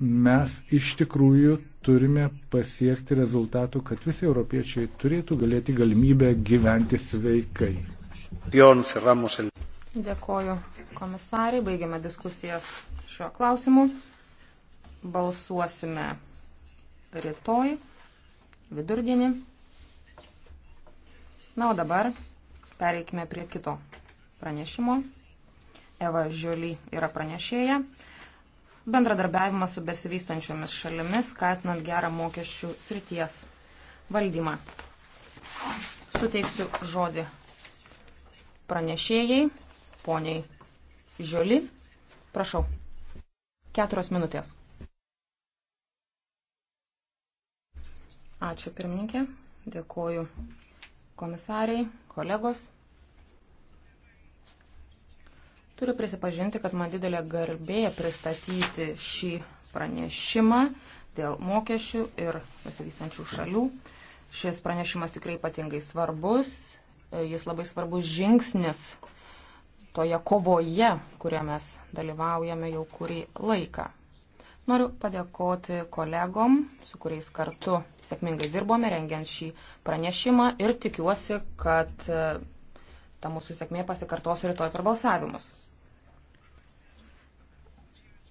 mes iš tikrųjų turime pasiekti rezultatų, kad visi europiečiai turėtų galėti galimybę gyventi sveikai. Dėkoju komisarai, baigiame diskusijas šiuo klausimu. Balsuosime rytoj, vidurdienį. Na, o dabar pereikime prie kito pranešimo. Eva Žiuli yra pranešėja bendradarbiavimą su besivystančiomis šalimis, skatinant gerą mokesčių srities valdymą. Suteiksiu žodį pranešėjai, poniai Žioli. Prašau. Keturios minutės. Ačiū pirmininkė, dėkoju komisariai, kolegos. Turiu prisipažinti, kad man didelė garbė pristatyti šį pranešimą dėl mokesčių ir besivystančių šalių. Šis pranešimas tikrai ypatingai svarbus. Jis labai svarbus žingsnis toje kovoje, kurioje mes dalyvaujame jau kurį laiką. Noriu padėkoti kolegom, su kuriais kartu sėkmingai dirbome, rengiant šį pranešimą ir tikiuosi, kad ta mūsų sėkmė pasikartos rytoj per balsavimus.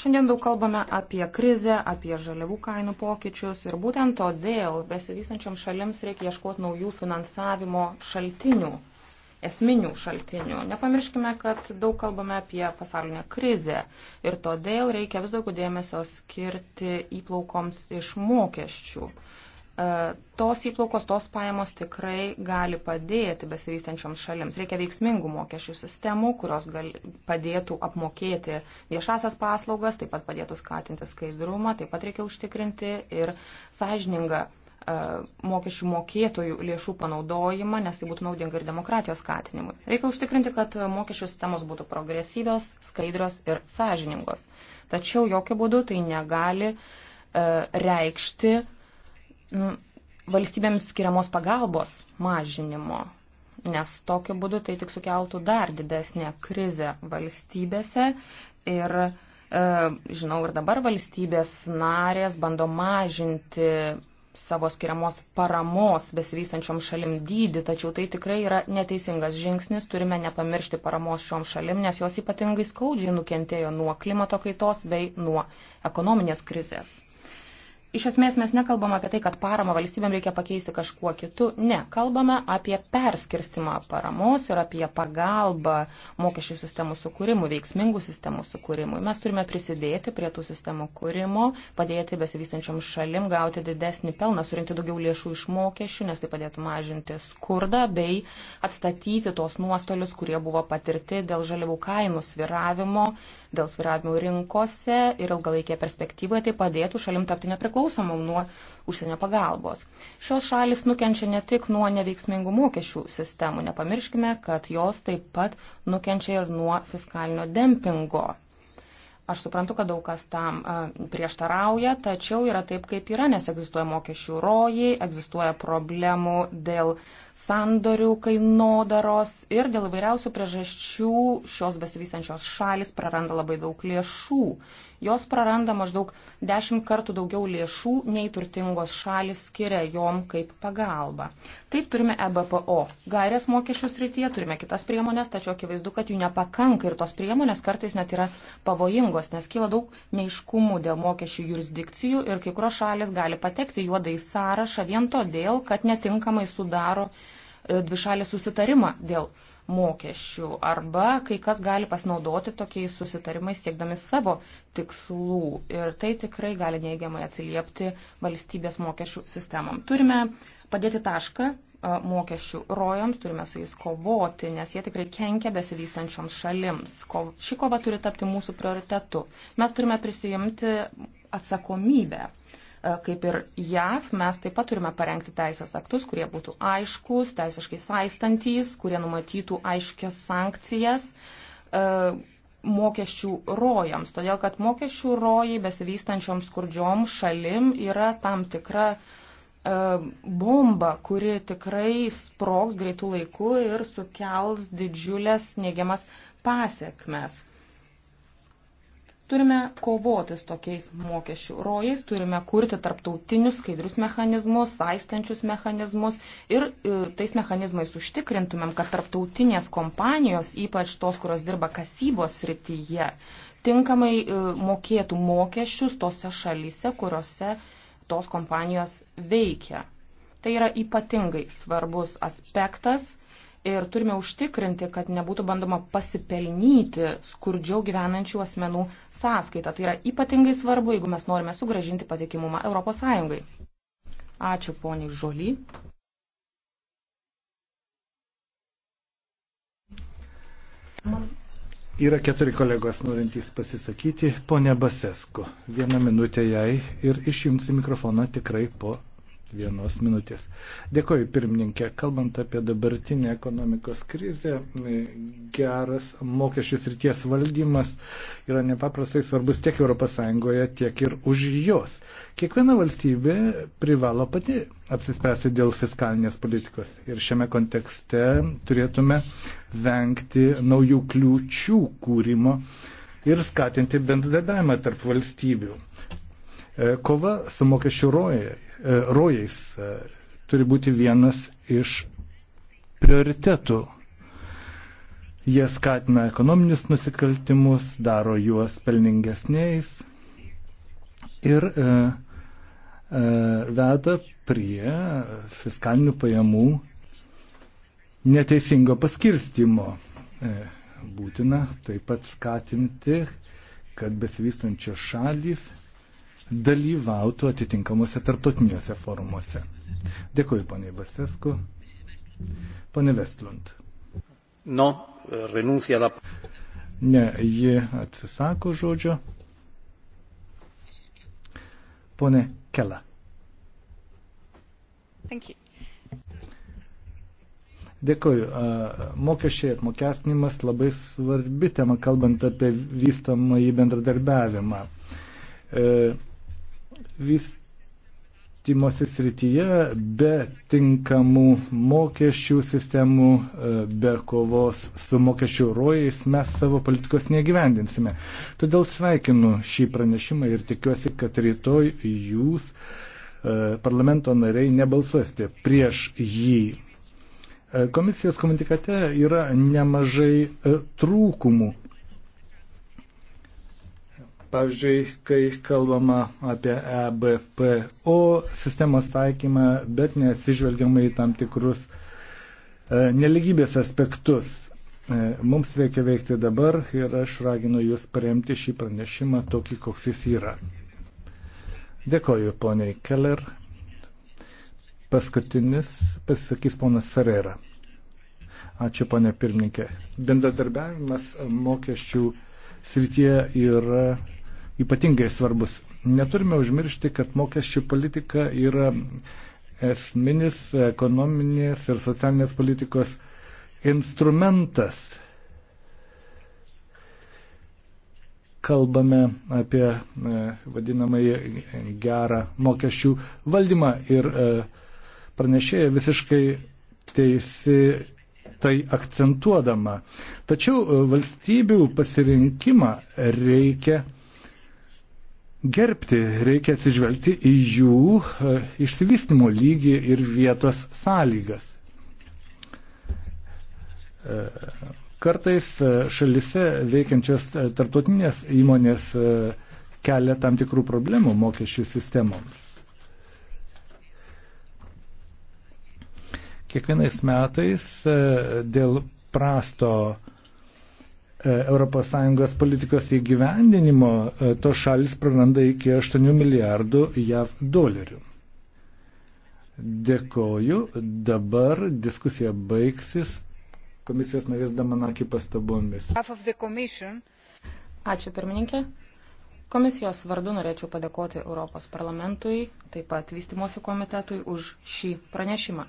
Šiandien daug kalbame apie krizę, apie žaliavų kainų pokyčius ir būtent todėl besivysančiam šalims reikia ieškoti naujų finansavimo šaltinių, esminių šaltinių. Nepamirškime, kad daug kalbame apie pasaulinę krizę ir todėl reikia vis daugiau dėmesio skirti įplaukoms iš mokesčių. E, tos įplaukos, tos pajamos tikrai gali padėti besivystančioms šalims. Reikia veiksmingų mokesčių sistemų, kurios gali, padėtų apmokėti viešasias paslaugas, taip pat padėtų skatinti skaidrumą, taip pat reikia užtikrinti ir sąžiningą e, mokesčių mokėtojų lėšų panaudojimą, nes tai būtų naudinga ir demokratijos skatinimui. Reikia užtikrinti, kad mokesčių sistemos būtų progresyvios, skaidrios ir sąžiningos. Tačiau jokių būdų tai negali e, reikšti Nu, valstybėms skiriamos pagalbos mažinimo, nes tokiu būdu tai tik sukeltų dar didesnę krizę valstybėse ir e, Žinau, ir dabar valstybės narės bando mažinti savo skiriamos paramos besivystančiom šalim dydį, tačiau tai tikrai yra neteisingas žingsnis, turime nepamiršti paramos šiom šalim, nes jos ypatingai skaudžiai nukentėjo nuo klimato kaitos bei nuo ekonominės krizės iš esmės mes nekalbam apie tai, kad paramą valstybėm reikia pakeisti kažkuo kitu. Ne, kalbame apie perskirstimą paramos ir apie pagalbą mokesčių sistemų sukūrimui, veiksmingų sistemų sukūrimui. Mes turime prisidėti prie tų sistemų kūrimo, padėti besivystančiam šalim gauti didesnį pelną, surinkti daugiau lėšų iš mokesčių, nes tai padėtų mažinti skurdą bei atstatyti tos nuostolius, kurie buvo patirti dėl žaliavų kainų sviravimo, dėl sviravimų rinkose ir ilgalaikėje perspektyvoje tai padėtų šalim tapti nepriklausomai priklausomom nuo užsienio pagalbos. Šios šalis nukenčia ne tik nuo neveiksmingų mokesčių sistemų, nepamirškime, kad jos taip pat nukenčia ir nuo fiskalinio dempingo. Aš suprantu, kad daug kas tam prieštarauja, tačiau yra taip, kaip yra, nes egzistuoja mokesčių rojai, egzistuoja problemų dėl sandorių kainodaros ir dėl vairiausių priežasčių šios besivystančios šalis praranda labai daug lėšų jos praranda maždaug dešimt kartų daugiau lėšų, nei turtingos šalis skiria jom kaip pagalba. Taip turime EBPO. Gairės mokesčių srityje turime kitas priemonės, tačiau akivaizdu, kad jų nepakanka ir tos priemonės kartais net yra pavojingos, nes kyla daug neiškumų dėl mokesčių jurisdikcijų ir kai kurios šalis gali patekti juodai sąrašą vien todėl, kad netinkamai sudaro e, dvišalį susitarimą dėl mokesčių mokesčių arba kai kas gali pasinaudoti tokiais susitarimais siekdami savo tikslų ir tai tikrai gali neigiamai atsiliepti valstybės mokesčių sistemam. Turime padėti tašką mokesčių rojams, turime su jais kovoti, nes jie tikrai kenkia besivystančioms šalims. Ko, ši kova turi tapti mūsų prioritetu. Mes turime prisijimti atsakomybę. Uh, E, kaip ir JAV, mes taip pat turime parengti teisės aktus, kurie būtų aiškus, teisiškai saistantys, kurie numatytų aiškias sankcijas e, mokesčių rojams, todėl kad mokesčių rojai besivystančioms skurdžiom šalim yra tam tikra e, bomba, kuri tikrai sprogs greitų laikų ir sukels didžiulės neigiamas pasiekmes. Turime kovotis tokiais mokesčių rojais, turime kurti tarptautinius skaidrius mechanizmus, saistančius mechanizmus ir e, tais mechanizmais užtikrintumėm, kad tarptautinės kompanijos, ypač tos, kurios dirba kasybos srityje, tinkamai e, mokėtų mokesčius tose šalyse, kuriuose tos kompanijos veikia. Tai yra ypatingai svarbus aspektas ir turime užtikrinti, kad nebūtų bandoma pasipelnyti skurdžiau gyvenančių asmenų sąskaitą. Tai yra ypatingai svarbu, jeigu mes norime sugražinti patikimumą ES. Ačiū poniai Žoly. Yra keturi kolegos norintys pasisakyti. Pone Basesko, vieną minutę jai ir išjungsi mikrofoną tikrai po vienos minutės. Dėkoju, pirmininkė. Kalbant apie dabartinę ekonomikos krizę, e, geras mokesčius ir ties valdymas yra nepaprastai svarbus tiek ES, tiek ir už jos. Kiekviena valstybė privalo pati apsispręsti dėl fiskalinės politikos. Ir šiame kontekste turėtume vengti naujų kliūčių kūrimo ir skatinti bendradarbiavimą tarp valstybių. E, kova su mokesčių roje E, rojais e, turi būti vienas iš prioritetų. Jie skatina ekonominius nusikaltimus, daro juos pelningesniais ir e, e, veda prie fiskalinių pajamų neteisingo paskirstimo. E, būtina taip pat skatinti, kad besivystančios šalys dalyvautų atitinkamuose tarptautiniuose forumuose. Dėkuoju, poniai Basesku. Pone Vestlund. No, renuncija la. Ne, ji atsisako žodžio. Pone Kela. Thank you. Dėkoju. Mokesčiai apmokestinimas labai svarbi tema, kalbant apie vystamą į bendradarbiavimą. E, vystimosi srityje be tinkamų mokesčių sistemų, e, be kovos su mokesčių rojais mes savo politikos negyvendinsime. Todėl sveikinu šį pranešimą ir tikiuosi, kad rytoj jūs e, parlamento nariai nebalsuosite prieš jį. E, komisijos komunikate yra nemažai trūkumų. Pavyzdžiui, kai kalbama apie EBPO sistemos taikymą, bet nesižvelgiama į tam tikrus e, neligybės aspektus. E, mums reikia veikti dabar ir aš raginu Jūs paremti šį pranešimą tokį, koks jis yra. Dėkoju, poniai Keller. Paskutinis pasisakys ponas Ferreira. Ačiū, ponė pirmininkė. Bendradarbiavimas mokesčių srityje yra ypatingai svarbus. Neturime užmiršti, kad mokesčių politika yra esminis ekonominės ir socialinės politikos instrumentas. Kalbame apie e, vadinamąjį gerą mokesčių valdymą ir e, pranešėja visiškai teisi tai akcentuodama. Tačiau e, valstybių pasirinkimą reikia gerbti, reikia atsižvelgti į jų e, išsivystimo lygį ir vietos sąlygas. E, kartais e, šalise veikiančios tarptautinės įmonės kelia tam tikrų problemų mokesčių sistemoms. Kiekvienais metais dėl prasto ES politikos įgyvendinimo e, to šalis praranda iki 8 milijardų JAV dolerių. Dėkoju. Dabar diskusija baigsis. Komisijos narės Damanaki pastabomis. Ačiū pirmininkė. Komisijos vardu norėčiau padėkoti Europos parlamentui, taip pat vystimosi komitetui už šį pranešimą.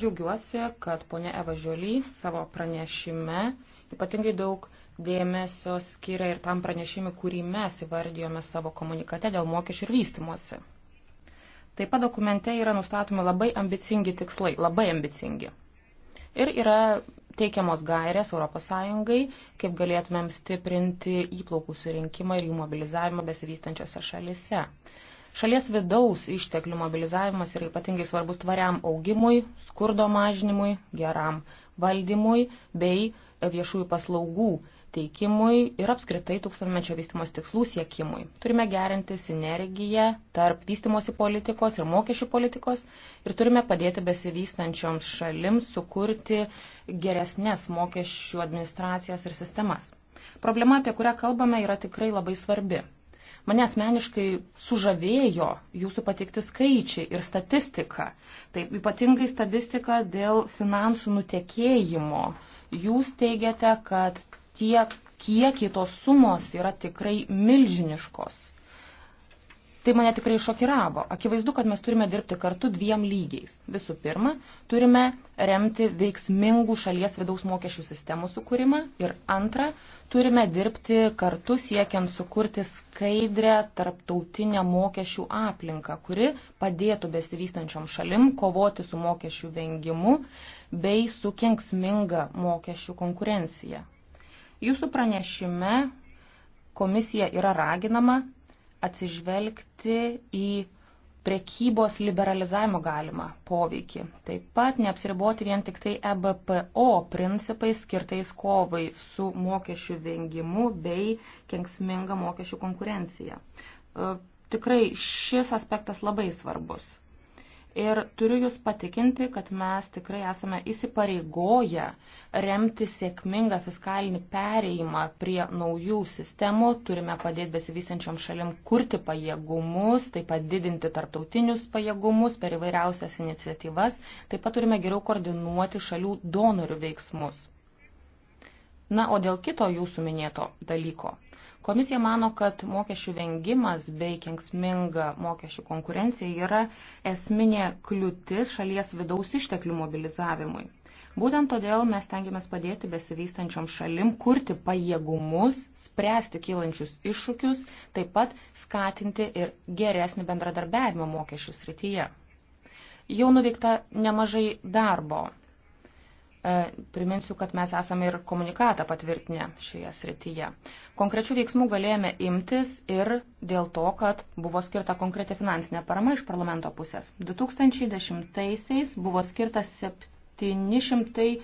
Džiaugiuosi, kad ponė Eva Žiuly savo pranešime ypatingai daug dėmesio skiria ir tam pranešimui, kurį mes įvardijome savo komunikate dėl mokesčių ir vystimuose. Taip pat dokumente yra nustatomi labai ambicingi tikslai, labai ambicingi. Ir yra teikiamos gairės ES, kaip galėtumėm stiprinti įplaukų surinkimą ir jų mobilizavimą besivystančiose šalise. Šalies vidaus išteklių mobilizavimas yra ypatingai svarbus tvariam augimui, skurdo mažinimui, geram valdymui bei viešųjų paslaugų teikimui ir apskritai tūkstantmečio vystimos tikslų siekimui. Turime gerinti sinergiją tarp vystimosi politikos ir mokesčių politikos ir turime padėti besivystančioms šalims sukurti geresnės mokesčių administracijas ir sistemas. Problema, apie kurią kalbame, yra tikrai labai svarbi. Mane asmeniškai sužavėjo jūsų pateikti skaičiai ir statistika. Taip, ypatingai statistika dėl finansų nutekėjimo. Jūs teigiate, kad tie kiekiai tos sumos yra tikrai milžiniškos. Tai mane tikrai šokiravo. Akivaizdu, kad mes turime dirbti kartu dviem lygiais. Visų pirma, turime remti veiksmingų šalies vidaus mokesčių sistemų sukūrimą. Ir antra, turime dirbti kartu siekiant sukurti skaidrę tarptautinę mokesčių aplinką, kuri padėtų besivystančiom šalim kovoti su mokesčių vengimu bei su kenksminga mokesčių konkurencija. Jūsų pranešime komisija yra raginama atsižvelgti į prekybos liberalizavimo galimą poveikį. Taip pat neapsiriboti vien tik tai EBPO principais skirtais kovai su mokesčių vengimu bei kenksminga mokesčių konkurencija. E, tikrai šis aspektas labai svarbus. Ir turiu Jūs patikinti, kad mes tikrai esame įsipareigoję remti sėkmingą fiskalinį pereimą prie naujų sistemų. Turime padėti besivystančiam šalim kurti pajėgumus, taip pat didinti tarptautinius pajėgumus per įvairiausias iniciatyvas. Taip pat turime geriau koordinuoti šalių donorių veiksmus. Na, o dėl kito jūsų minėto dalyko Komisija mano, kad mokesčių vengimas bei kengsminga mokesčių konkurencija yra esminė kliūtis šalies vidaus išteklių mobilizavimui. Būtent todėl mes tengiamės padėti besivystančiom šalim kurti pajėgumus, spręsti kylančius iššūkius, taip pat skatinti ir geresnį bendradarbiavimą mokesčių srityje. Jau nuveikta nemažai darbo E, priminsiu, kad mes esame ir komunikatą patvirtinę šioje srityje. Konkrečių veiksmų galėjome imtis ir dėl to, kad buvo skirta konkreti finansinė parama iš parlamento pusės. 2010-aisiais buvo skirta 708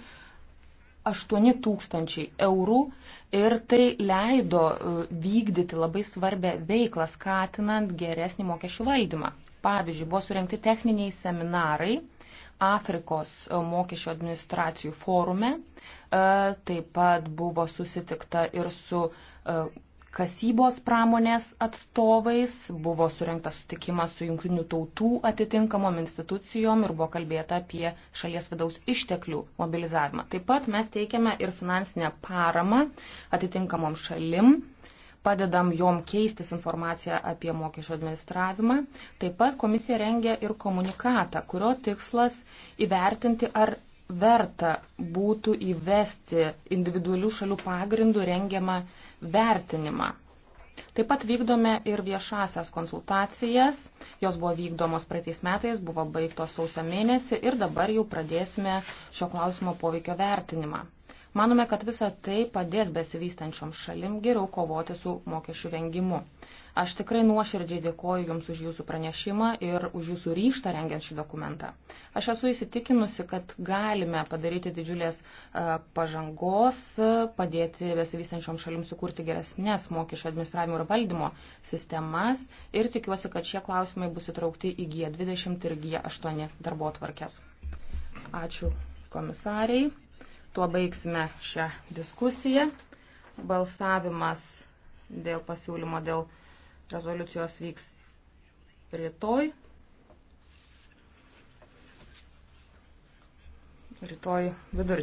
tūkstančiai eurų ir tai leido e, vykdyti labai svarbę veiklą, skatinant geresnį mokesčių valdymą. Pavyzdžiui, buvo surinkti techniniai seminarai Afrikos mokesčių administracijų forume. E, taip pat buvo susitikta ir su e, kasybos pramonės atstovais, buvo surinktas sutikimas su jungtinių tautų atitinkamom institucijom ir buvo kalbėta apie šalies vidaus išteklių mobilizavimą. Taip pat mes teikiame ir finansinę paramą atitinkamom šalim, padedam jom keistis informaciją apie mokesčio administravimą. Taip pat komisija rengia ir komunikatą, kurio tikslas įvertinti, ar verta būtų įvesti individualių šalių pagrindų rengiamą vertinimą. Taip pat vykdome ir viešasias konsultacijas. Jos buvo vykdomos praeitais metais, buvo baigtos sausio mėnesį ir dabar jau pradėsime šio klausimo poveikio vertinimą. Manome, kad visa tai padės besivystančiom šalim geriau kovoti su mokesčių vengimu. Aš tikrai nuoširdžiai dėkoju Jums už Jūsų pranešimą ir už Jūsų ryštą rengiant šį dokumentą. Aš esu įsitikinusi, kad galime padaryti didžiulės e, pažangos, padėti besivystančiom šalim sukurti geresnės mokesčio administravimo ir valdymo sistemas ir tikiuosi, kad šie klausimai bus įtraukti į G20 ir G8 darbo tvarkės. Ačiū komisariai. Tuo baigsime šią diskusiją. Balsavimas dėl pasiūlymo dėl rezoliucijos vyks rytoj. Rytoj vidurį.